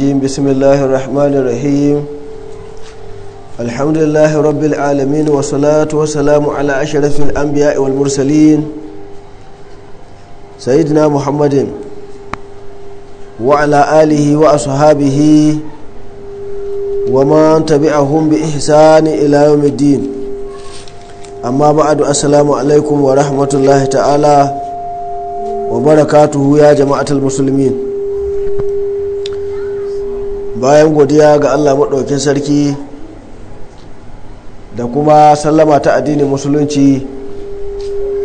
الرجيم بسم الله الرحمن الرحيم الحمد لله رب العالمين والصلاة والسلام على أشرف الأنبياء والمرسلين سيدنا محمد وعلى آله وأصحابه ومن تبعهم بإحسان إلى يوم الدين أما بعد السلام عليكم ورحمة الله تعالى وبركاته يا جماعة المسلمين bayan godiya ga allah maɗaukin sarki da kuma sallama ta addinin musulunci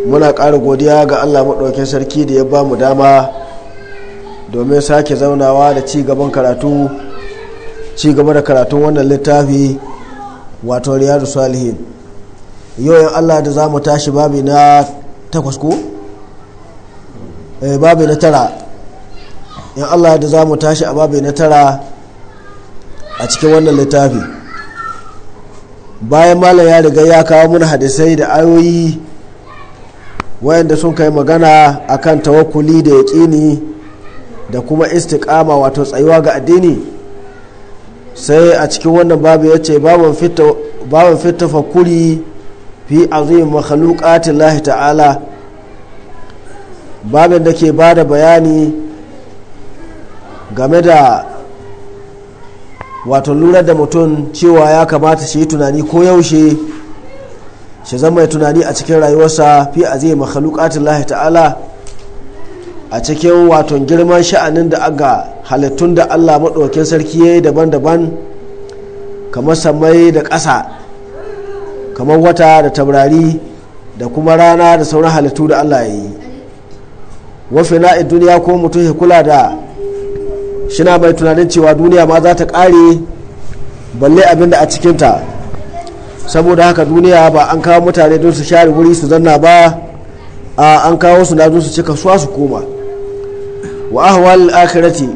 muna ƙara godiya ga allah maɗaukin sarki da ya ba mu dama domin sake zaunawa da ci gaban karatu ci gaba da karatun wannan littafi wato riyadu salihin yau allah da za mu tashi babi na takwas ko? Eh, babi na tara in allah da za mu tashi a babi na tara a cikin wannan littafi bayan malam ya riga ya kawo mana hadisai da ayoyi wayanda sun kai magana akan tawakuli da yaƙini da kuma istiƙama wato tsayuwa ga addini sai a cikin wannan babu ya ce babu fita fakuri fi azim makhalukatun lahi ta'ala babin da ke ba da bayani game da wato lura da mutum cewa ya kamata shi tunani ko yaushe shi zama ya tunani a cikin rayuwarsa fi a zai makhalukatin lahi ta'ala a cikin wato girman sha'anin da aga halittun da allah maɗaukin sarki ya yi daban-daban kamar samai da ƙasa kamar wata da tabrari da kuma rana da sauran halittu da allah ya yi wafi na'in duniya ko mutum ya kula da shina mai tunanin cewa duniya ma za ta kare balle abin da a cikinta saboda haka duniya ba an kawo mutane don su share wuri su zanna ba a an kawo su na su cika suwa su koma wa ahwal akhirati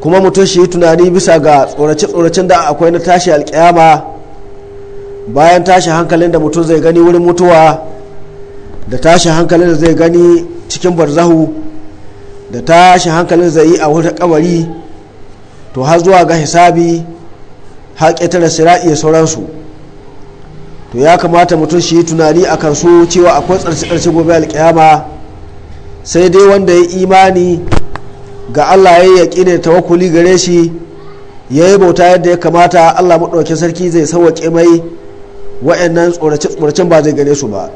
kuma mutum shi tunani bisa ga tsorace-tsoracen da akwai na tashi alkiyama bayan tashi hankalin da mutum zai gani wurin mutuwa da tashi hankalin da zai gani cikin barzahu da tashi hankalin zai yi a wata kawari to har zuwa ga hisabi har ƙetare sira'i da sauransu to ya kamata mutum shi tunani a kan su cewa akwai tsarci-tsarci gobe alƙiyama sai dai wanda ya imani ga allah ya yaƙi ne tawakuli gare shi ya yi bauta yadda ya kamata allah maɗauki sarki zai sauwaƙe mai wa'annan tsorace-tsoracen ba zai gare su ba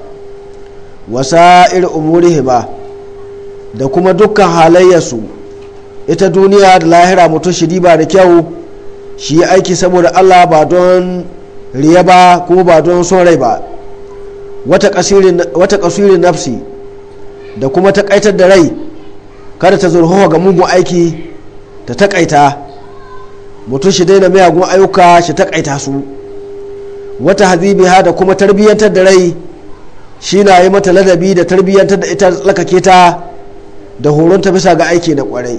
wasa irin umurihi ba da kuma dukkan halayyarsu ita duniya da lahira mutum shi ba da kyau shi aiki saboda allah ba don riya ba ko ba don son rai ba wata kasirin nafsi da kuma takaitar da rai kada ta zurhowa ga mugun aiki ta takaita mutum shi daina miyagun ayyuka shi takaita su wata hazibiha da kuma tarbiyyantar da rai shi na yi mata ladabi da tarbiyyantar da ita tsakake ta da horon ta bisa ga aiki na kwarai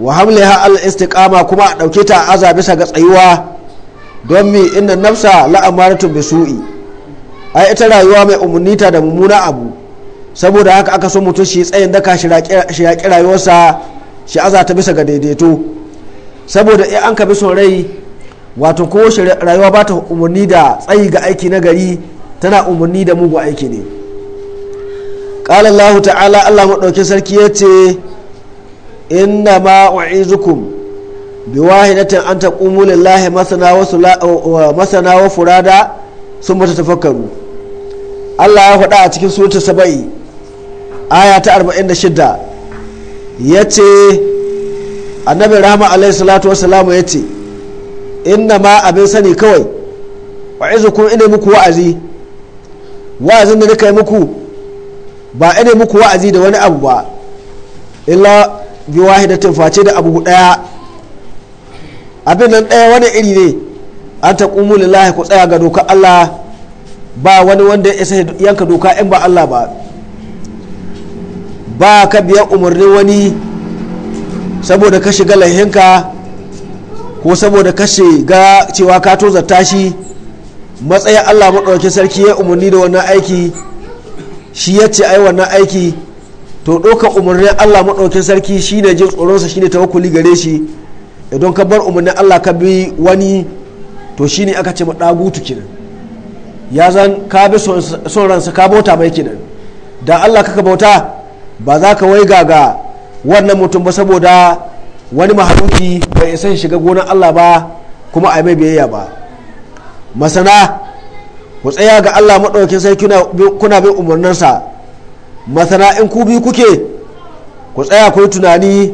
wa ha al istiqama kuma a dauke ta aza bisa ga tsayuwa don mi inda nafsa la amaratu su'i ai ita rayuwa mai umunita da mumuna abu saboda haka aka so mutum shi tsayin daka shi yaƙi rayuwarsa shi aza ta bisa ga daidaito saboda in an ka son rai wato ko rayuwa ba ta umarni da tsayi ga aiki na gari tana umarni da mugu aiki ne qala allah ta'ala allah madauki sarki ya yace inna ma u'izukum biwahidatin an taqumu lillahi masana wa masana wa furada sun mata tafakaru. allah ya faɗa a cikin surata saba'i aya ta 46 yace annabi rahama alaihi salatu ya ce inna ma abin sani kawai zukun ina muku wa'azi wa'azin da nika yi muku ba ina muku wa'azi da wani abu ba illa bi wahidatin face da abu daya abin nan daya wani iri ne an ta kumu lillahi ku tsaya ga doka Allah ba wani wanda ya isa yanka doka in ba Allah ba ba ka biya umarnin wani saboda ka shiga laihinka ko saboda ka shiga cewa ka tozarta shi matsayin Allah maɗauki sarki ya umarni da wannan aiki shi ya ce ai wannan aiki to ɗaukar umarnin allah maɗaukin sarki shi ne jin tsoronsa shi ta tawakkuli gare shi idan ka bar umarnin allah ka bi wani to shi ne aka ce maɗagutu kenan ya zan ka bi son ransa ka bauta mai kenan da allah kaka bauta ba za ka wai ga wannan mutum ba saboda wani mahaluki bai isa shiga gonar allah ba kuma a mai biyayya ba masana ku tsaya ga Allah maɗaukin sai kuna bin umarninsa masana in ku biyu kuke ku tsaya ku tunani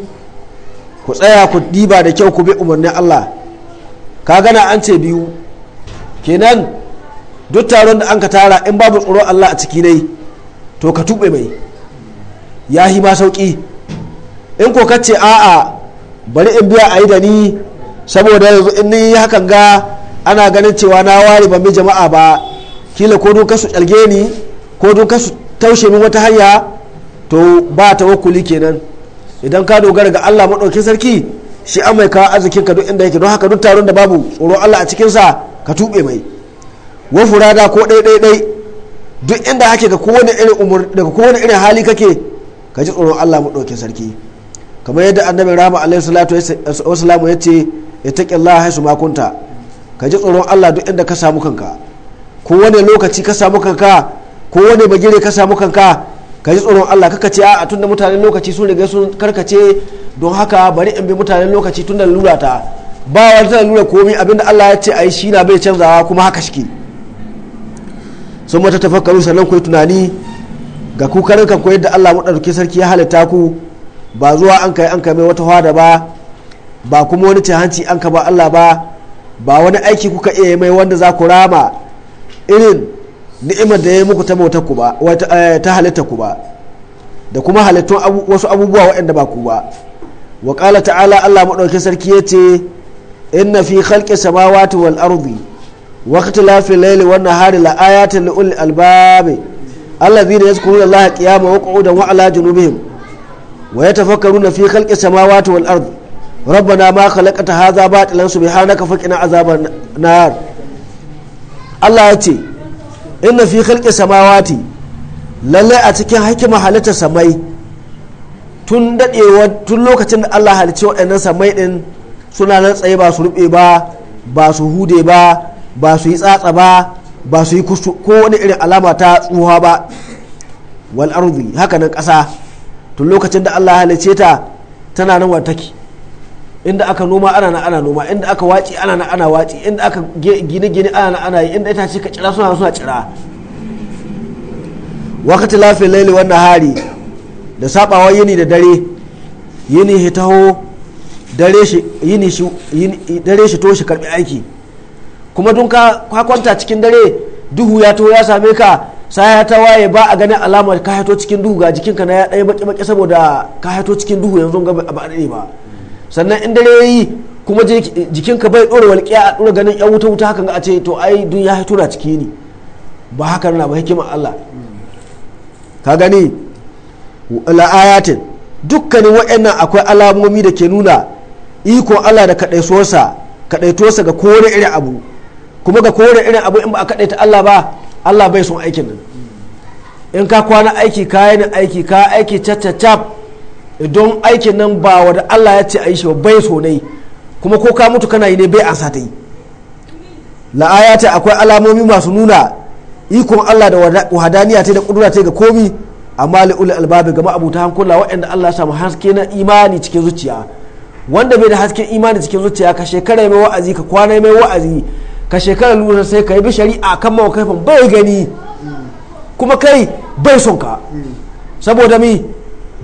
ku tsaya ku diba da kyau ku bi umarnin Allah ka gana an ce biyu kenan duk taron da an ka tara in babu tsoron Allah a ciki ne to ka tuɓe mai ya yi ma sauƙi in ko kace a'a bari in biya a yi da ni saboda yanzu in ni hakan ga ana ganin cewa na ware ban bi jama'a ba kila ko duka su kyalge ni ko duka su taushe min wata hanya to ba ta wakuli kenan idan ka dogara ga Allah maɗaukin sarki shi an ka arzikin ka duk inda yake don haka duk taron da babu tsoro Allah a cikinsa ka tuɓe mai wa furada ko dai dai dai duk inda hake ga kowane irin umur daga kowane irin hali kake ka ji tsoron Allah maɗaukin sarki kamar yadda annabi rahama alaihi salatu wa salamu ya ce ya taƙi Allah haisu makunta ka ji tsoron Allah duk inda ka samu kanka ko wani lokaci ka samu kanka ko wani bagire ka samu kanka ka ji tsoron Allah kaka ce a tunda mutanen lokaci sun riga sun karkace don haka bari in bi mutanen lokaci tunda lura ta ba wani tana lura komai abinda Allah ya ce ai shi na bai canzawa kuma haka shi sun mata tafakkaru sannan ku yi tunani ga ku ka yadda Allah maɗauki sarki ya halitta ku ba zuwa an kai an kai mai wata hada ba ba kuma wani hanci an ka ba Allah ba ba wani aiki kuka iya mai wanda za ku rama irin ni'imar da ya muku ta bauta ku ba eh, ta halitta ku ba da kuma halittun wasu abubuwa waɗanda ba ku ba wa ƙala ta'ala Allah maɗauki sarki ya ce inna fi khalqi samawati wal ardi wa ikhtilafi layli wan nahari la ayatin li ulil albab alladhina yadhkuruna Allaha qiyaman wa qu'udan wa 'ala junubihim wa yatafakkaruna fi khalqi samawati wal ardi ربنا ما خلقت هذا باطلا سبحانك فقنا عذاب النار Allah ya ce inna fi khalqi samawati lalle a cikin hikima halitta samai tun dadewa tun lokacin da Allah halicci waɗannan samai ɗin suna nan tsaye ba su rube ba ba su hude ba ba su yi tsatsa ba ba su yi ko wani irin alama ta tsuwa ba wal hakanan haka nan ƙasa tun lokacin da Allah halice ta tana nan wataki inda aka noma ana na ana noma inda aka waci ana na ana waci inda aka gine gine ana na ana yi inda ita ce ka cira suna suna cira wakati lafi laili wannan hari da sabawa yini da dare yini hitaho dare shi yini shi dare shi to shi karbi aiki kuma dun ka kwanta cikin dare duhu ya to ya same ka sai ya tawaye ba a ganin alamar ka haito cikin duhu ga jikinka na ya ɗaya baki baki saboda ka haito cikin duhu yanzu ga ba a ba sannan in dare yayi kuma jikinka bai dora walƙiya a dora ganin yan wuta wuta hakan a ce to ai dun ya tura ciki ne ba haka na ba hikimar Allah ka gani la ayatin dukkanin waɗannan akwai alamomi da ke nuna iko Allah da kaɗaitosa kaɗaitosa ga kowane irin abu kuma ga kowane irin abu in ba a kaɗaita Allah ba Allah bai son aikin nan in ka kwana aiki kayan aiki ka aiki cacacap don aikin nan ba wanda Allah ya ce a yi shi bai so ne kuma ko ka mutu kana yi ne bai ansa ta yi la'aya ta akwai alamomi masu nuna ikon Allah da wahadaniya ta da kudura ta ga komi amma li'ul albabi abu ta hankula waɗanda Allah samu haske na imani cikin zuciya wanda bai da hasken imani cikin zuciya ka shekara mai wa'azi ka kwana mai wa'azi ka shekara lura sai ka yi bi shari'a kan kaifin bai gani kuma kai bai son ka mm. saboda mi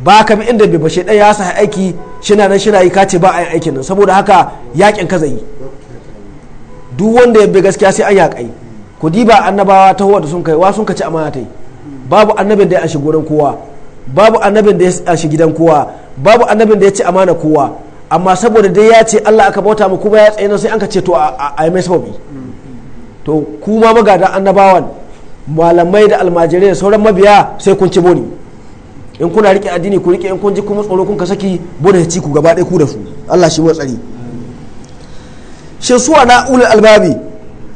ba ka bi inda bai bashe ɗaya ya sa aiki shina nan shina yi kace ba a yi aikin nan saboda haka yakin ka zai duk wanda ya bi gaskiya sai an yakai ku diba annabawa ta da sun kai wa sun kaci amana ta babu annabin da ya shi gurin kowa babu annabin da ya shi gidan kowa babu annabin da ya ci amana kowa amma saboda dai ya ce Allah aka bauta mu kuma ya tsaye nan sai an ka ce to a yi mai sababi to kuma magadan annabawan malamai da almajirai da sauran mabiya sai kun ci boni in kuna rike addini ku rike in kun ji kuma tsoro kun ka saki bude ci ku gaba ɗaya ku da su Allah shi matsari shin su na ulul albabi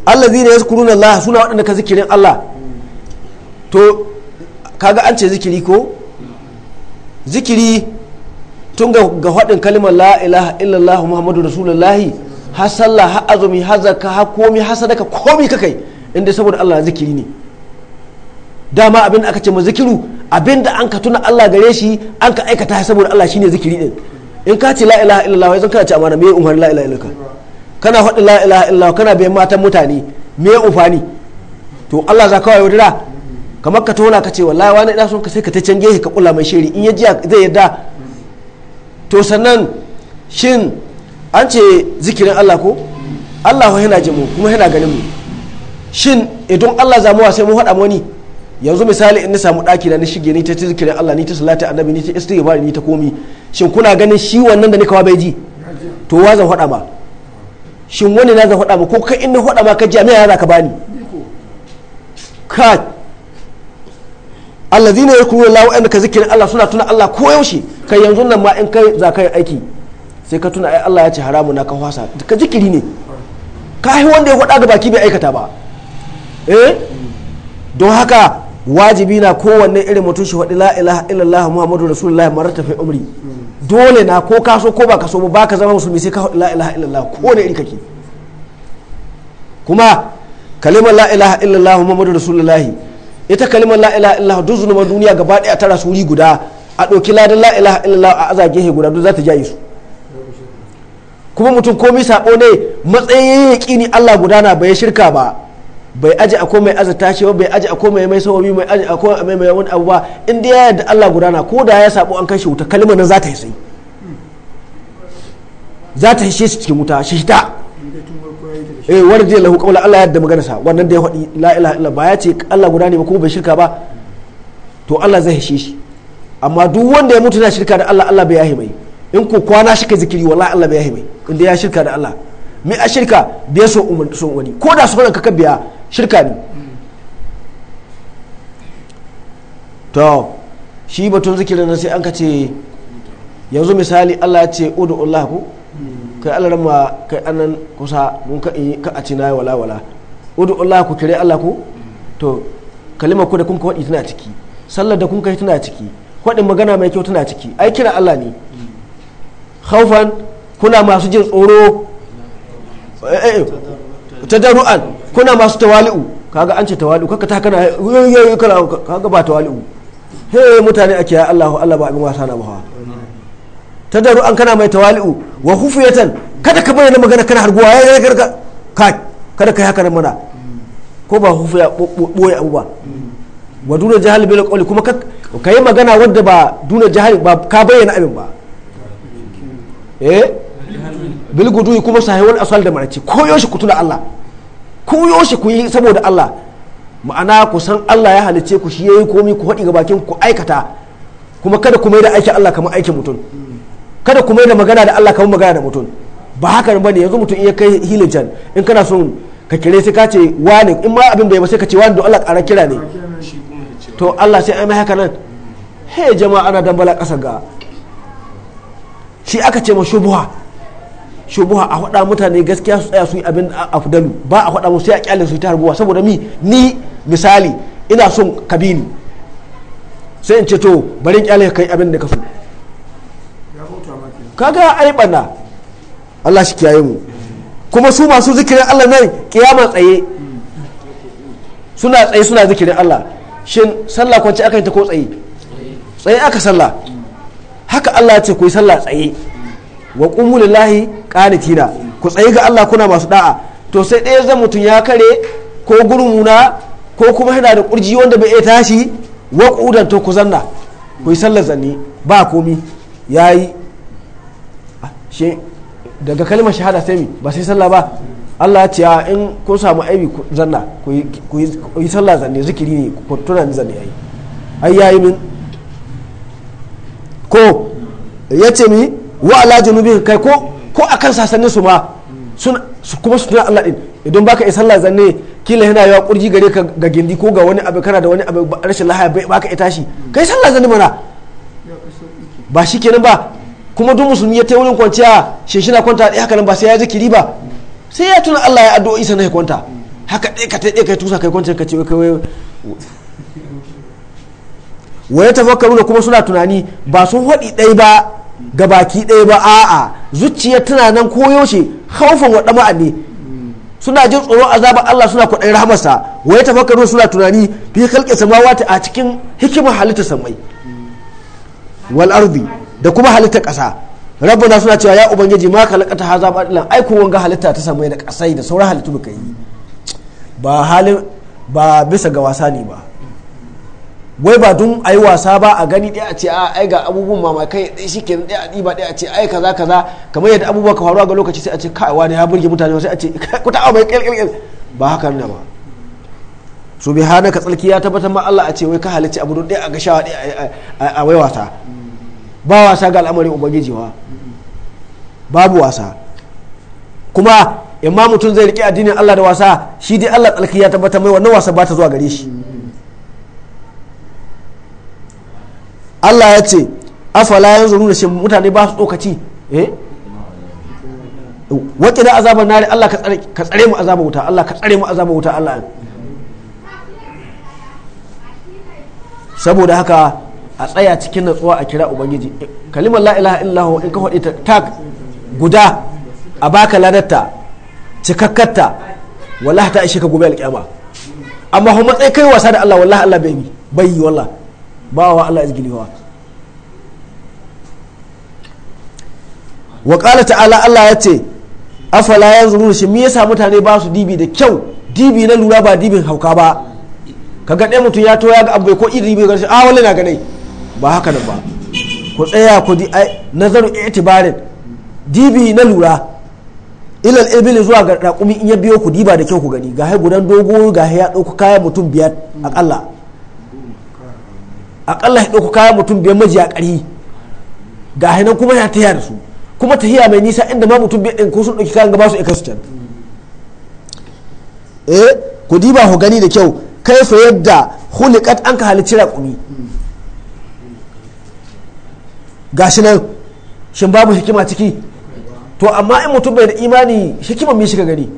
allazina yazkuruna Allah suna waɗanda ka zikirin Allah to kaga an ce zikiri ko zikiri tun ga hadin kalmar la ilaha illallah muhammadu rasulullahi har sallah har azumi har zakka har komi har sadaka komi kakai inda saboda Allah zikiri ne dama abin aka ce ma zikiru abinda an ka tuna Allah gare shi an ka aikata saboda Allah shine zikiri din in ka ce la ilaha illallah zan kana ce amana me umar la ilaha illallah kana faɗi la ilaha illallah kana bayan matan mutane me ufani to Allah za ka yaudara kamar ka tona ka ce wallahi wani ina son ka sai ka ta cange ka kula mai shiri in ya ji zai yadda to sannan shin an ce zikirin Allah ko Allah yana jin mu kuma yana ganin mu shin idan Allah zamuwa sai mu faɗa mu wani yanzu misali in na samu ɗaki na shige ni ta zikirin Allah ni ta salati annabi ni ta istighfar ni ta komi shin kuna ganin shi wannan da ni kawa bai ji to wa zan faɗa ma shin wani na zan faɗa ma ko kai in na faɗa ma ka ji a ya za ka bani ka allazina yakunu la wa ka zikirin Allah suna tuna Allah ko yaushe kai yanzu nan ma in kai zaka yi aiki sai ka tuna ai Allah ya ce haramu na ka hwasa ka zikiri ne ka wanda ya faɗa ga baki bai aikata ba eh don haka wajibi na kowanne irin mutum shi faɗi la'ilaha illallah muhammadu rasulullah marar tafi umri dole na ko kaso ko ba kaso ba ka zama musulmi sai ka faɗi la'ilaha illallah ko ne iri kake kuma kalimar la'ilaha illallah muhammadu rasulullah ita kalimar la'ilaha illallah duk zunuban duniya gaba ɗaya tara su wuri guda a ɗauki ladan la'ilaha illallah a aza gehe guda duk za ta jaye su kuma mutum komi saɓo ne matsayin yaƙini allah gudana bai shirka ba bai aji a komai azata shi ba bai aji a komai mai sawabi mai aji a komai mai wani abu ba in dai ya yarda Allah gudana ko da ya sabo an kai shi wuta kalmar nan za ta hisai za ta hishe shi cikin wuta shi ta eh warje lahu qawla Allah ya yarda magana sa wannan da ya faɗi la ilaha illa ba ya ce Allah gudana ba ko bai shirka ba to Allah zai hishe shi amma duk wanda ya mutu na shirka da Allah Allah bai yahi mai in ko kwana shi ka zikiri wallahi Allah bai yahi mai in dai ya shirka da Allah me a shirka biya so umar so wani ko da so ka biya shirka ne to shi batun zikirin nan sai an ka ce yanzu misali Allah ya ce udu Allah ku kai Allah ma kai annan kusa mun ka in ka a cina wala wala udu Allah ku kire Allah ku to kalimar ku da kun ka wadi tana ciki sallar da kun kai tana ciki kwaɗin magana mai kyau tana ciki ai kira Allah ne khaufan kuna masu jin tsoro eh, eh, ta jaruan. kuna masu tawali'u kaga an ce tawali'u kaka ta kana yoyoyi kana kaga ba tawali'u he mutane ake ya Allahu Allah ba abin wasa na ba ta daru an kana mai tawali'u wa hufiyatan kada ka bayyana magana kana harguwa ya ga ka kada ka yi haka mana ko ba hufiya boye abu ba wa duna jahal bil qawli kuma ka yi magana wadda ba duna jahal ba ka bayyana abin ba eh bil gudu kuma sahihul asal da marace koyo shi kutula Allah ku yoshi ku yi saboda Allah ma'ana ku san Allah ya halice ku shi yayi komai ku haɗi gabakin bakin ku aikata kuma kada ku mai da aikin Allah kamar aikin mutum kada ku mai da magana da Allah kamar magana da mutum ba haka ba ne yanzu mutum iya kai hilijan in kana son ka kire sai ka ce wani in ma abin bai ba sai ka ce wani don Allah ƙara kira ne to Allah sai ai mai haka nan he jama'a ana dambala ƙasa ga shi aka ce ma shubuha shubuha a faɗa mutane gaskiya su tsaya su yi abin afdalu ba a faɗa musu sai a kyale su ta harbuwa saboda mi ni misali ina son kabili sai in ce to bari in kyale kai abin da ka so kaga ai banna Allah shi kiyaye mu kuma su masu zikirin Allah nan kiyama tsaye suna tsaye suna zikirin Allah shin sallah kwanci aka yi ta ko tsaye tsaye aka sallah haka Allah ya ce ku yi sallah tsaye wa qumu qanitina ku tsaye ga Allah kuna masu da'a to sai ɗaya zan mutum ya kare ko gurmuna ko kuma yana da kurji wanda bai iya tashi wa kudan to ku zanna ku yi sallar zanni ba komi ya shi daga kalmar shahada sai ba sai sallah ba Allah ce ya in kun samu aibi ku zanna ku yi sallah zanne zikiri ne ku tuna ni zanne ai ai yayi min ko yace mi wa ala junubin kai ko ko a kan sasannin su ma su kuma su tuna Allah din idan baka yi sallah zanne kila yana yawa kurji gare ka ga gindi ko ga wani abu kana da wani abu rashin lahaya bai baka ya tashi kai sallah zanne mana ba shi kenan ba kuma duk musulmi ya kwanciya wurin kwanciya na kwanta ɗaya haka nan ba sai ya zikiri ba sai ya tuna Allah ya addu'o'i sannan ya kwanta haka ɗaya ka ɗaya kai tusa kai kwanciyar ka ce kai wai ya tafakkaru kuma suna tunani ba sun haɗi ɗaya ba ga baki ɗaya ba a'a zuciya tana nan koyaushe haufin wa ne suna jin tsoron azabar Allah suna kwaɗayin rahamarsa wa ya tafakkaru suna tunani fi khalqi samawati a cikin hikimar halittar samai wal ardi da kuma halittar ƙasa rabbana suna cewa ya ubangiji ma haza hadha batilan ai ko wanga halitta ta samai da ƙasai da sauran halittu da yi ba halin ba bisa ga wasa ne ba wai ba dun a yi wasa ba a gani ɗaya a ce a ah, ai ga abubuwan mamakai ɗaya shi ke ɗaya a ɗiba ɗaya a ce ai kaza kaza kamar yadda abubuwa ka faruwa ga lokaci sai a ce kai wani ya burge mutane sai a ce ku ta mai kyalkyalkyal ba haka ne ba su bi hana ka tsarki ya tabbatar ma Allah a ce wai ka halicci abu don ɗaya a ga shawa ɗaya a wai wasa ba wasa ga al'amarin ubangiji wa babu wasa kuma imam mutum zai riƙe addinin Allah da wasa shi dai Allah tsarki ya tabbatar mai wannan wasa ba ta zuwa gare shi Allah ya ce afala yanzu nuna shi mutane ba su tsokaci eh na azabar nari Allah ka tsare mu azabar wuta Allah ka tsare mu azabar wuta Allah saboda haka a tsaya cikin natsuwa a kira ubangiji kalimar la ilaha illahu in ka faɗi ta tag guda a baka ladatta cikakkarta wallahi ta ishe ka gobe alƙiyama amma kuma matsayi kai wasa da Allah wallahi Allah bai yi bai yi wallahi ba wa Allah izgiliwa wa ƙala ta'ala Allah ya ce afala ya zuru shi me yasa mutane ba su dibi da kyau dibi na lura ba dibin hauka ba ka ga mutum ya to ya ga abu ko iri bai garshe a wani na ganai ba haka nan ba ku tsaya ku di nazaru itibarin dibi na lura ilal ibil zuwa ga raƙumi in ya biyo ku diba da kyau ku gani ga gudan dogo ga ya ɗauko kayan mutum biyar akalla akalla ya ɗauko kayan mutum biyar a ƙari ga hainan kuma ya tahiya da su kuma tahiya mai nisa inda ma mutum biyar ɗin ko sun ɗauki kayan gaba su ikas can eh ku diba ku gani da kyau kaifa yadda hulikat an ka halicci raƙumi shi nan shin babu hikima ciki to amma in mutum bai da imani hikimar mai shiga gari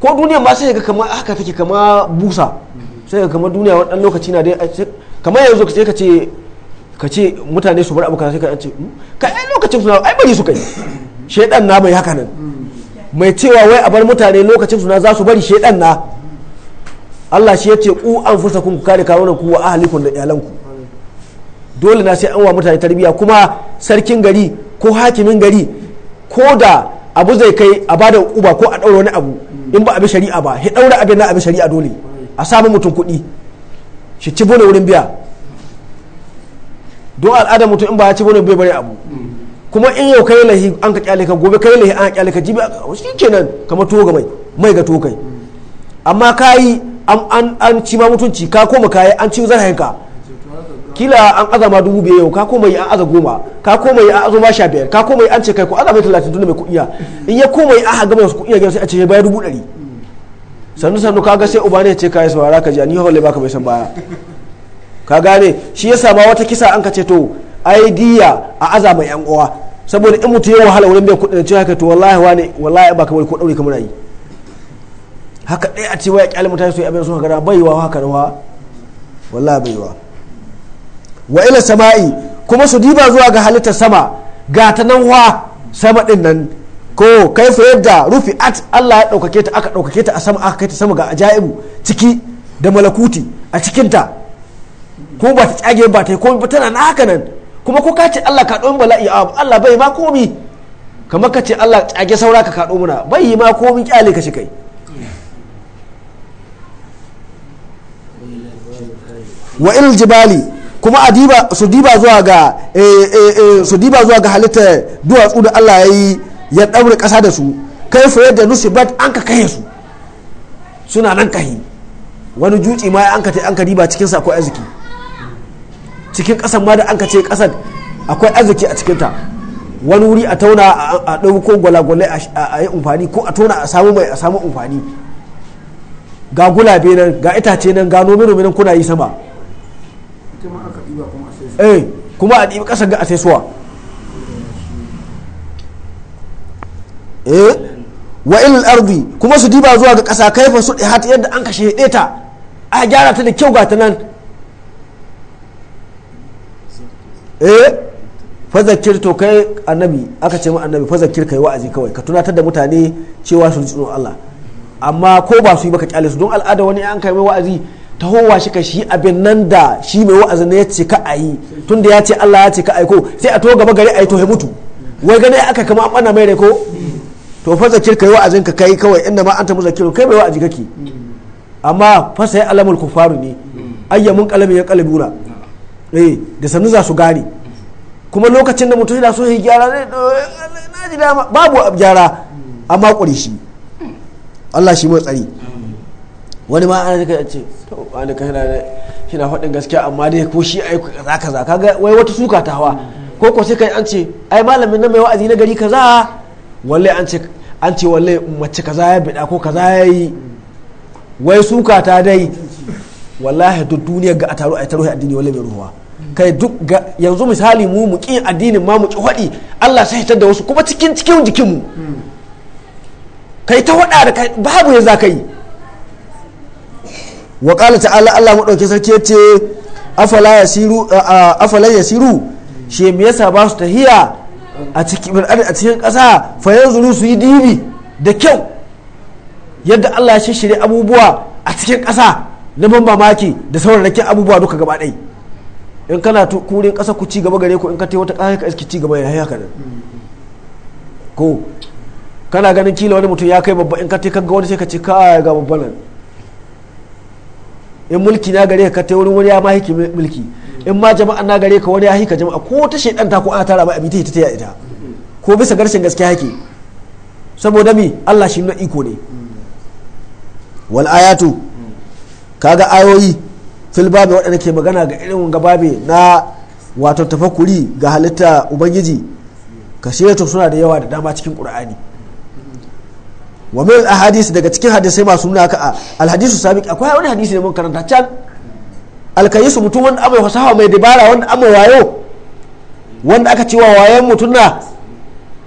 ko duniya ma sai ga kama haka take kama busa sai ga kama duniya wani lokaci na dai kamar yanzu ka ce ka ce ka ce mutane su bar abu kan sai ka ce hmm, ka ai lokacin suna ai bari su kai shedan na mai haka nan mai cewa wai a bar mutane lokacin suna za su bari shedan na Allah shi ya ce ku an fusa kun kare kawunan ku wa ahlikum da iyalanku dole na sai an wa mutane tarbiyya kuma sarkin gari ko hakimin gari ko da abu zai kai a bada uba ko a ɗaura wani abu in ba a bi shari'a ba ya ɗaura abin na a bi shari'a dole a samu mutum kuɗi shi ci bone wurin biya don al'ada mutum in ba ya ci bone bai bari abu kuma in yau kai lahi an ka kyale ka gobe kai lahi an kyale ka jibi shi kenan kamar tuwo ga mai mai ga tuwo kai amma kayi an ci ma mutunci ka koma kayi an ci zarahin ka kila an azama dubu biyu yau ka koma yi an aza goma ka koma yi an aza ma sha biyar ka koma yi an ce kai ko aza mai talatin tun da mai kuɗiya in ya koma yi an haga mai kuɗiya sai a ce ya bayar dubu ɗari sannu sannu kaga sai uba ne ce yi saurara ka ji ni holle baka bai san baya ka gane shi ya sama wata kisa an ka ce to aidiya a azaba yan uwa saboda in mutum ya wahala wurin bai kudin ce haka to wallahi wani wallahi baka bai ko daure kamar yi. haka ɗaya a ce waya kyalin mutane su yi abin sun gara wa haka wa wallahi baiwa wa ila sama'i kuma su diba zuwa ga halittar sama ga ta nan wa sama din nan ko kai fa yadda at Allah ya ɗaukake ta aka ɗaukake ta a sama aka kai ta sama ga ajaibu ciki da malakuti a cikinta ko ba ta tsage ba ta yi komi ba tana na haka nan kuma ko ka ce Allah ka ɗomi bala'i a Allah bai ma komi kamar ka ce Allah tsage saura ka kaɗo muna bai yi ma komi kyale ka shi kai wa il jibali kuma su diba zuwa ga eh, eh, eh, su diba zuwa ga halittar duwatsu da Allah ya yi ya ɗaure ƙasa da su kai fa yadda nusibat an ka kahe su suna nan kahi wani juci ma an ka an ka riba cikin sa akwai arziki cikin ƙasan ma da an ka ce ƙasan akwai arziki a cikin ta wani wuri a tauna a ko gwalagwale a yi amfani ko a tauna a samu mai a samu amfani ga gulabe nan ga itace nan ga nomi nomi nan kuna yi sama eh, kuma a ɗibi ƙasar ga a sai suwa Eh? wa ilil ardi kuma su diba zuwa ga ƙasa kaifa su hat yadda an kashe hede ta a gyara ta da kyau ga ta nan eh fazakir to kai annabi aka ce mu annabi fazakir kai wa'azi kawai ka tunatar da mutane cewa su ji tsoron Allah amma ko ba su yi baka kyale su don al'ada wani an kai mai wa'azi howa shi ka shi abin nan da shi mai wa'azi ne ya ce ka a yi tun da ya ce Allah ya ce ka ko sai a to gaba gari a yi to ya mutu wai gane aka kama an bana mai rai ko to fa zakir kai wa'azin ka kai kawai inna ma anta muzakiru kai bai wa'azi kake amma fa sai alamul kufaru ne mm. ayyamun kalami ya kalabuna mm. eh da sanu za su gane mm. kuma lokacin da mutum yana so ya gyara ne eh, na dama babu gyara amma kure shi Allah shi mai tsari wani ma ana ka ce to wani ka shi na faɗin gaskiya amma dai ko shi ai kaza kaza kaga wai wata suka ta hawa ko ko sai kai an ce ai malamin nan mai wa'azi na gari kaza wallahi an ce an ce wale mace kaza ya bida ko kaza ya yi wai suka ta dai wallahi duk duniya ga a taro a taro addini mai ruwa. kai duk yanzu misali mu mu kin addinin ma mu ki hadi Allah sai ta da wasu kuma cikin cikin jikin mu kai ta wada da kai, babu ya zaka yi wa qala ta'ala Allah dauke sarki yace afala yasiru afala yasiru shi me yasa ba su tahiya a cikin ƙasa fayan zuru su yi dibi da kyau yadda Allah ya shirya abubuwa a cikin ƙasa na ban mamaki da sauran rakin abubuwa duka gaba ɗai in kana kurin ƙasa ku ci gaba gare ku in ka tai wata ƙasa ka iski ci gaba ya haka nan ko kana ganin kila wani mutum ya kai babba in ka tai kaga wani sai ka ci ka ga babban nan in mulki na gare ka tai wurin wani ya ma mulki in ma jama'a na gare ka wani ya hika jama'a ko ta shaidan ta ko ana tara ba a bita ta ita ko bisa garshen gaske yake saboda mi Allah shi na iko ne wal ayatu kaga ayoyi fil babu waɗanda ke magana ga irin gababe na wato tafakuri ga halitta ubangiji kashiratu suna da yawa da dama cikin qur'ani wa min ahadith daga cikin hadisai masu nuna al alhadisu sabiq akwai wani hadisi da mun karanta can alkayisu mutum wanda amai fasaha mai dabara wanda amai wayo wanda aka cewa wayan mutum na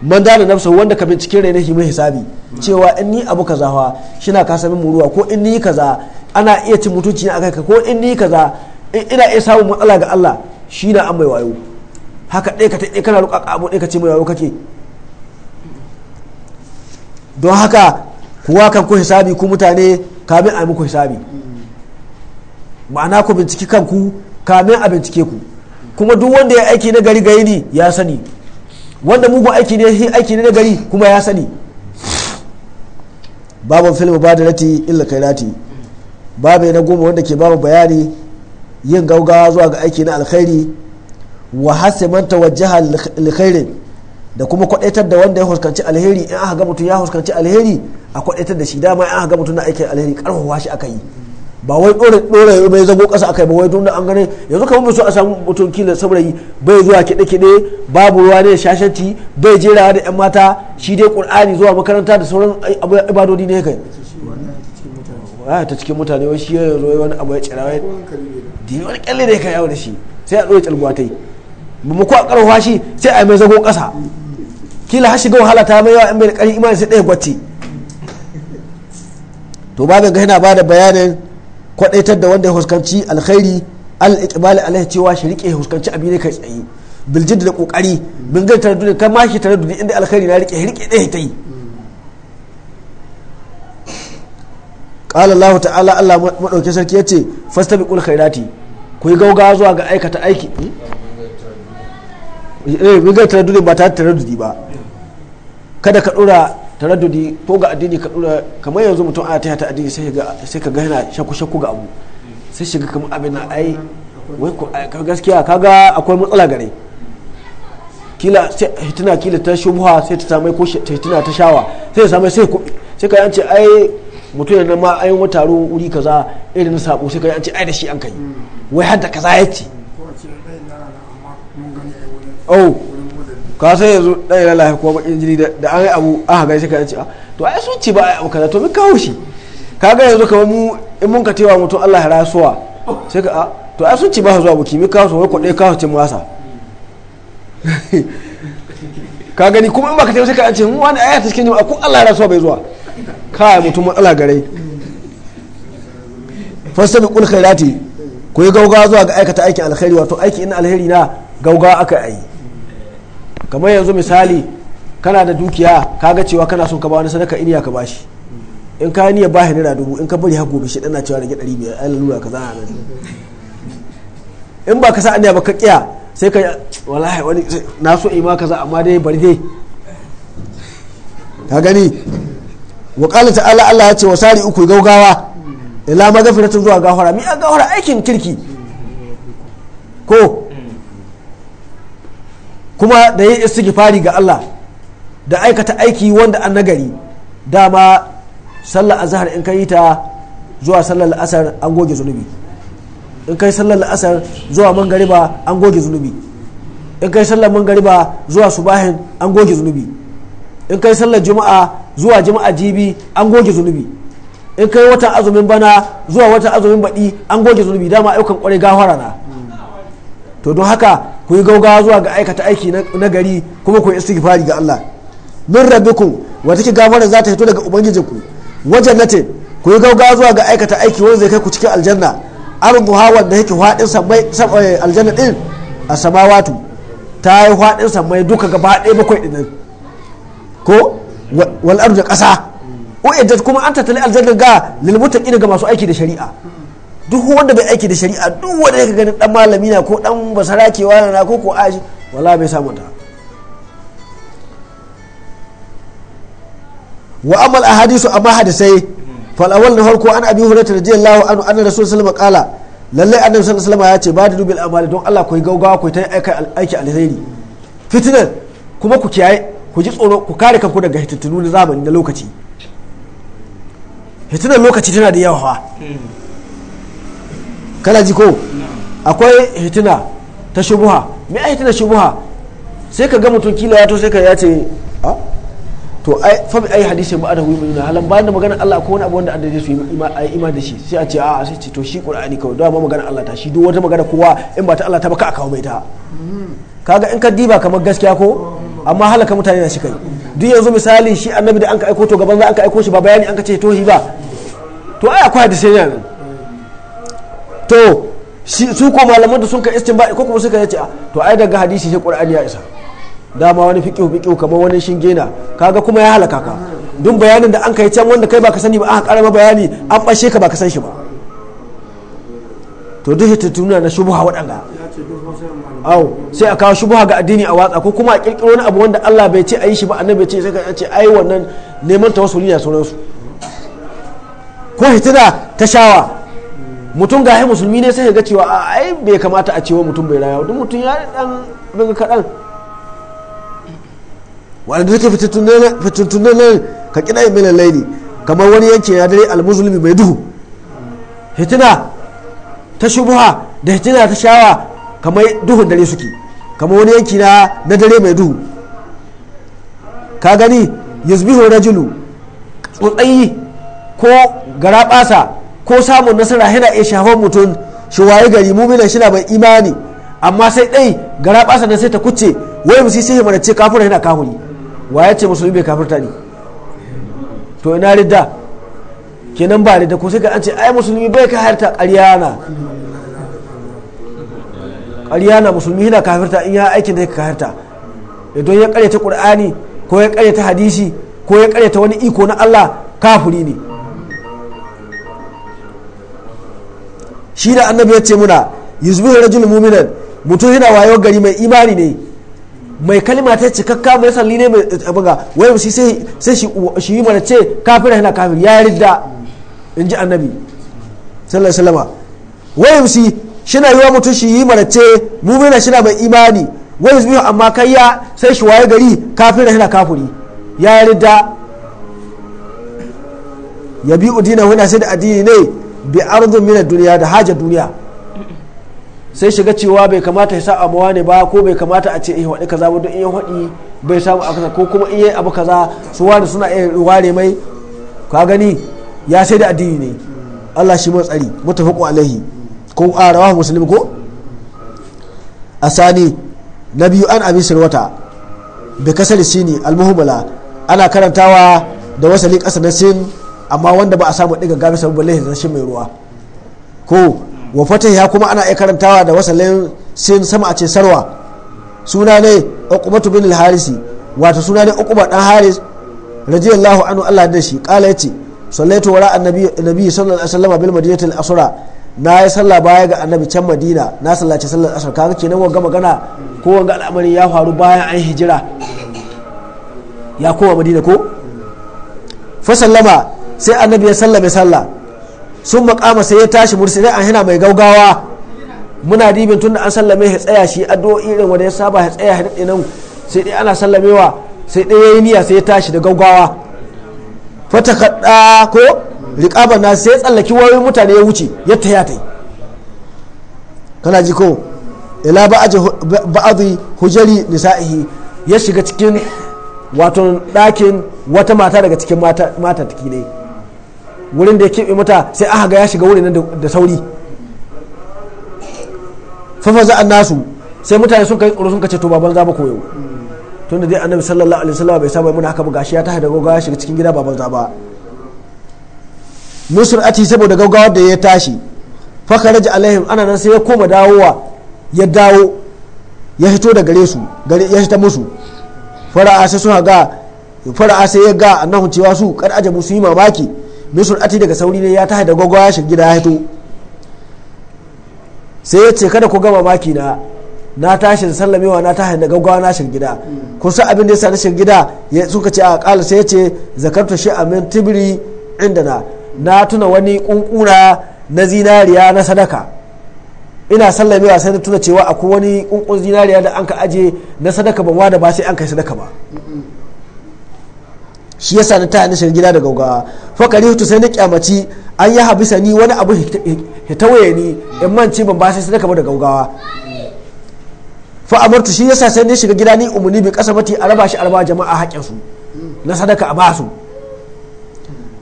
man da nafsa wanda ka bincike rai na himin hisabi cewa in ni abu kaza fa shina ka sami muruwa ko in ni kaza ana iya cin mutunci na akai ko in ni kaza ina iya samun matsala ga Allah shi na amai wayo haka ɗaya ka ta kana roƙa abu ɗaya ka ce mai wayo kake don haka kuwa kan ku hisabi ku mutane kamin a muku hisabi ma'ana ku binciki kanku kamin a bincike ku kuma duk wanda ya aiki na gari gari ne ya sani wanda mugu aiki ne aiki na gari kuma ya sani babin filmu ba da rati illa kairati babu na goma wanda ke babu bayani yin gaugawa zuwa ga aiki na alkhairi wa hasiman tawajjaha alkhairi da kuma kwadaitar da wanda ya huskanci alheri in aka ga mutum ya huskanci alheri a kwadaitar da shi dama in aka ga mutum na aikin alheri karfafa shi aka yi ba wai dora bai zago kasa akai ba wai tun da an gane yanzu kamar musu a samu mutum kila saboda bai zuwa kide kide babu ruwa ne shashanci bai jerawa da yan mata shi dai qur'ani zuwa makaranta da sauran ibadodi ne kai a ta cikin mutane wai shi ya wai wani abu ya tsira wai di wani kalle ne kai yawo da shi sai a ɗora calgwatai ba mu ko a karfa shi sai a mai zago kasa kila hashi shiga wahala ta mai yawa an bai da ƙarfin imani sai ɗaya gwacce to ba ga yana ba da bayanin kwadaitar da wanda ya huskanci alkhairi al-iqbal alaihi cewa shi rike huskanci abin ne kai tsaye biljid da kokari bin ga duniya kan ma shi tare da inda alkhairi na rike rike dai tai qala Allah ta'ala Allah madauke sarki yace fastabiqul khairati ku yi gauga zuwa ga aikata aiki eh bin ga duniya ba tare duniya ba kada ka dora taraddudi ko ga addini ka dura kamar yanzu mutum a taya ta addini sai ga sai ka ga yana shakku shakku ga abu sai shiga kamar abin na ai wai ko gaskiya kaga akwai matsala gare kila hitina kila ta shubha sai ta samai ko hitina ta shawa sai ta samai sai sai ka yance ai mutum yana ma ayin wata taro wuri kaza irin sabo sai ka yance ai da shi an kai wai hadda kaza yace oh ka sai yanzu ɗaya ya lahi ko bakin jini da an yi abu aka gaishe ka ce ah, to ai sun ci ba a abu kaza to min kawo shi kaga yanzu kamar mu in mun ka tewa mutum Allah ya rasuwa sai ka a ah, to ai sun ci ba zuwa buki min kawo su wai kwaɗe kawo cin masa ka gani kuma in baka tewa sai ka ce hmm, wani aya ta cikin jima'a ko Allah ya rasuwa bai zuwa kai mutum matsala gare fasabi kul khairati ku yi gaugawa zuwa ga aikata aikin alkhairi wato aiki in alheri na gaugawa aka yi kamar yanzu misali kana da dukiya kaga cewa kana son ka ba wani sadaka iniya ka bashi in ka niyya ba shi naira dubu in ka bari har gobe shi dana cewa rage ɗari biyar an lura kaza a nan in ba ka sa aniya ba ka kiya sai ka wallahi wani na so ima kaza amma dai bari dai ka gani wa qala ta'ala Allah ya ce wa sari uku gaugawa ila magafiratin zuwa gafara mi a gafara aikin kirki ko kuma da yin istighfari ga Allah da aikata aiki wanda an nagari dama sallar azhar in kai yi ta zuwa sallar al'asar an goge zunubi in kai sallar al'asar zuwa mangariba an goge zunubi in kai sallar mangariba zuwa subahin an goge zunubi in kai sallar juma'a zuwa juma'a jibi an goge zunubi in kai watan azumin bana zuwa watan azumin baɗi an goge zunubi dama ayyukan kware gawara na to don haka ku yi gaugawa zuwa ga aikata aiki na gari kuma ku yi istighfari ga Allah min rabbikum wa take gafara za ta fito daga ubangijinku wajen nate ku yi gaugawa zuwa ga aikata aiki wanda zai kai ku cikin aljanna ardu hawan da yake fadin sammai eh, aljanna din a samawatu ta yi fadin sammai duka gaba ɗaya bakwai din ko wal ardu ƙasa u'iddat kuma an tattali aljanna ga lil muttaqina ga masu aiki da shari'a duk wanda bai aiki da shari'a duk wanda ya gani dan malami na ko dan basara kewa na ko ko aji wala bai samu ta wa amal ahadisu amma hadisai fal awal na farko an abi hurairah radiyallahu anhu anna rasul sallallahu alaihi wasallam lalle annabi sallallahu alaihi wasallam ya ce ba da dubil amali don Allah koyi gaugawa koyi ta aiki alheri fitinan kuma ku kiyaye ku ji tsoro ku kare kanku daga hitattunu na zamani na lokaci hitinan lokaci tana da yawa kana ji ko akwai hituna ta shubuha me a hituna shubuha sai ka ga mutum kila ya to sai ka ya ce a ah, to ai fa bi ai hadisi ba da huyu na halan bayan da magana Allah ko wani abu wanda addade su yi ima da shi sai a ce a ah, sai ce to shi qur'ani kawai da ba magana Allah ta shi duk wata magana kowa in ba ta Allah ta ba ka kawo mai ta kaga in ka diba kamar gaskiya ko amma halaka mutane na shi kai duk yanzu misali shi annabi da an ka aiko to gaban za an ka aiko shi ba bayani an ka ce to shi ba to ai akwai hadisi ne to su ko malaman da sun ka ba ko kuma suka yace ah, to ai daga hadisi shi qur'ani ya isa dama wani fiqihu fiqihu kamar wani shingena kaga kuma ya halaka ka dun bayanin da an kai can wanda kai baka sani ba aka karama bayani an bashe ka baka san shi ba to duk tattuna na shubuha waɗanda au sai a kawo shubuha ga addini a watsa ko kuma a kirkiro wani abu wanda Allah bai ce ayi shi ba annabi ce sai ka ce ai wannan neman tawassuli ne sauransu ko hitina ta shawa mutum ga musulmi ne sai ga cewa ai bai kamata a cewa mutum bai raya duk mutum ya dan abin kaɗan wanda take fitattunan nan ka kina yin milan laini kamar wani yanci ya dare almusulmi mai duhu hitina ta shubuha da hitina ta shawa kamar duhun dare suke kamar wani yanki na na dare mai duhu ka gani yuzbihu rajulu tsotsayi ko garabasa ko samun nasara yana iya shafan mutum shi waye gari mu. shi na mai imani amma sai dai gara basa nan sai ta kuce wai musu sai mana ce kafura yana wa waye ce musulmi bai kafurta ne to ina ridda kenan ba ridda ko sai ka an ce ai musulmi bai ka harta ƙaryana ƙaryana musulmi yana kafurta in ya aikin da ya kafurta idan ya ta qur'ani ko ya ta hadisi ko ya ta wani iko na Allah kafuri ne shi da annabi ya ce muna yuzbihu rajul mu'minan mutum yana wayo gari mai imani ne mai kalima ta cikakka mai salli ne mai eh, buga wai shi sai sai shi yi mana ce kafira yana kafir ya ridda in ji annabi sallallahu alaihi wasallam wai shi shina yiwa mutum shi yi mana ce mu'mina shina mai imani wai yuzbu amma kai ya sai shi wayo gari kafira yana kafiri ya ridda yabi udina wani sai da addini ne bi ardu min duniya da haja duniya sai shiga cewa bai kamata ya sa amawa ne ba ko bai kamata a ce eh kaza ba don in wadi bai samu a ko kuma in abu kaza su wani suna iya ware mai ka gani ya sai da addini ne Allah shi mai tsari mutafaqu alaihi ko a rawahu muslim ko asani na biyu an abi sirwata bi kasar sini almuhmala ana karantawa da wasali na sin amma wanda ba a samu ɗiga gabi sabu balle ya shi mai ruwa ko wa fatahiya kuma ana iya karantawa da wasalin sin sama a ce sarwa suna ne uqbatu bin al-harisi wato suna ne uqba dan haris radiyallahu anhu Allah da shi kala yace sallaitu wara annabi nabi sallallahu alaihi wasallam bil madinati al-asra na yi sallah baya ga annabi can madina na sallaci sallar asar kaga kenan wanga magana ko wanga al'amari ya faru bayan an hijira ya kowa madina ko fa sallama sai annabi ya sallame sallah sun makama sai ya tashi mursilai an hina mai gaugawa muna dibin da an sallame ya tsaya shi addu'o'i irin wanda ya saba ya tsaya ya daɗe nan sai dai ana sallamewa sai dai yayi niyya sai ya tashi da gaugawa fata kaɗa ko riƙaban na sai tsallaki wayoyin mutane ya wuce ya ta ta kana ji ko ila ba'adhi hujari nisa'ihi ya shiga cikin wato ɗakin wata mata daga cikin mata ta ne wurin da ya keɓe mata sai aka ga ya shiga wurin nan da sauri fafa za nasu sai mutane sun kai tsoro sun kace to baban zaba koyo. tun tunda dai annabi sallallahu alaihi wasallam bai saba mun haka ba gashi ya ta da gaggawa shiga cikin gida baban zaba ba nusrati saboda gaggawa da ya tashi fa kharaja alaihim ana nan sai ya koma dawowa ya dawo ya fito da gare su gare ya fita musu fara'a sai sun ga fara'a sai ya ga annahu cewa su kar ajabu su yi mamaki bi ati daga sauri ne ya tahi da gwagwa ya shiga gida ya hito sai ya ce kada ku gama maki na na tashi da sallamewa na tashi da gaggawa na shiga gida ku sa abin da yasa na shiga gida suka ce a kala sai ya ce zakarta shi min tibiri inda na na tuna wani kunkuna na zinariya na sadaka ina sallamewa sai na tuna cewa akwai wani kunkun zinariya da an ka aje na sadaka ban wada ba sai an kai sadaka ba shi yasa na taya shirin gida da gaugawa fakari hutu sai na kyamaci an yi habisa ni wani abu hitawaye ni in manci ban ba sai sadaka kama da gaugawa fa amartu shi yasa sai na shiga gida ni umuni bi mati a raba shi a raba jama'a haƙƙin su na sadaka a basu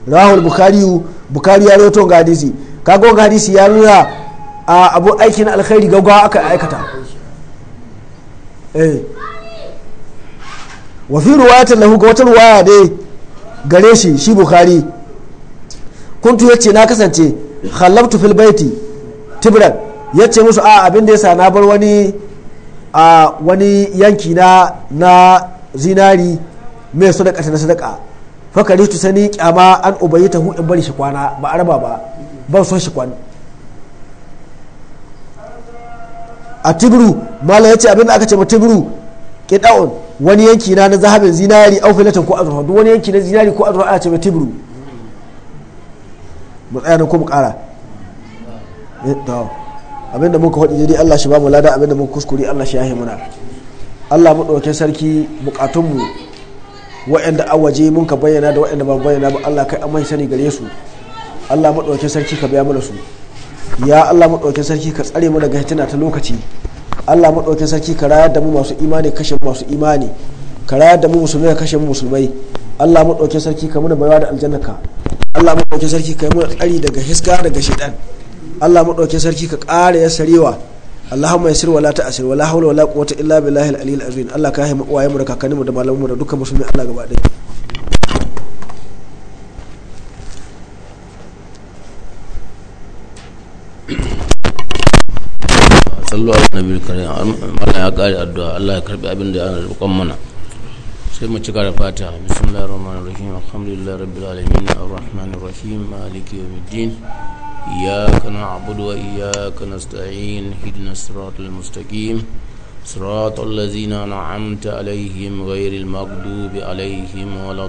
rahul bukari bukari ya rawaito ga hadisi kago ga hadisi ya nuna a abu aikin alkhairi gaugawa aka aikata eh wa fi ruwayatin lahu ga wata ruwaya dai gare shi shi bukhari kuntu ya ce na kasance khalabtu fil baiti tibran ya ce musu a abin da ya sa na bar wani a wani yanki na na zinari mai sadaka ta sadaka fakari tu sani kyama an ubayi ta hudun bari shi kwana ba raba ba ban son shi kwan a tibru mala ya ce abin da aka ce ma tibru kidaun wani yanki na na zahabin zinari au filatan ko azurfa duk wani yanki na zinari ko azurfa a ce tibru mu tsaya ko mu kara eh, abinda muka hudu dai Allah shi ba mu lada abinda muka kuskure Allah shi yahi muna Allah mu dauke sarki bukatunmu waɗanda a waje mun ka bayyana da waɗanda ba bayyana ba Allah kai amma sani gare su Allah mu dauke sarki ka biya mana su ya Allah mu dauke sarki ka tsare mu daga hitina ta lokaci Allah maɗaukin sarki ka rayar da mu masu imani kashe masu imani ka rayar da mu musulmai kashe mu musulmai Allah maɗaukin sarki ka muna baiwa da aljannaka Allah maɗaukin sarki ka yi muna tsari daga hiska daga shaitan Allah maɗaukin sarki ka ƙara ya sarewa Allahumma yassir wala ta'sir wala hawla wala quwwata illa billahi al-aliyyil azim Allah ka yi mu uwaye mu da kakanni mu da malamu mu da dukkan musulmi Allah gaba ɗaya sallu ala nabi kare mallan ya kare addu'a Allah ya karbi abin da ya roƙon mana sai mu cika da fata bismillahir rahmanir rahim alhamdulillahi rabbil alamin arrahmanir rahim maliki yawmiddin iyyaka na'budu wa iyyaka nasta'in ihdinas siratal mustaqim صراط الذين an'amta alaihim غير المغضوب alaihim ولا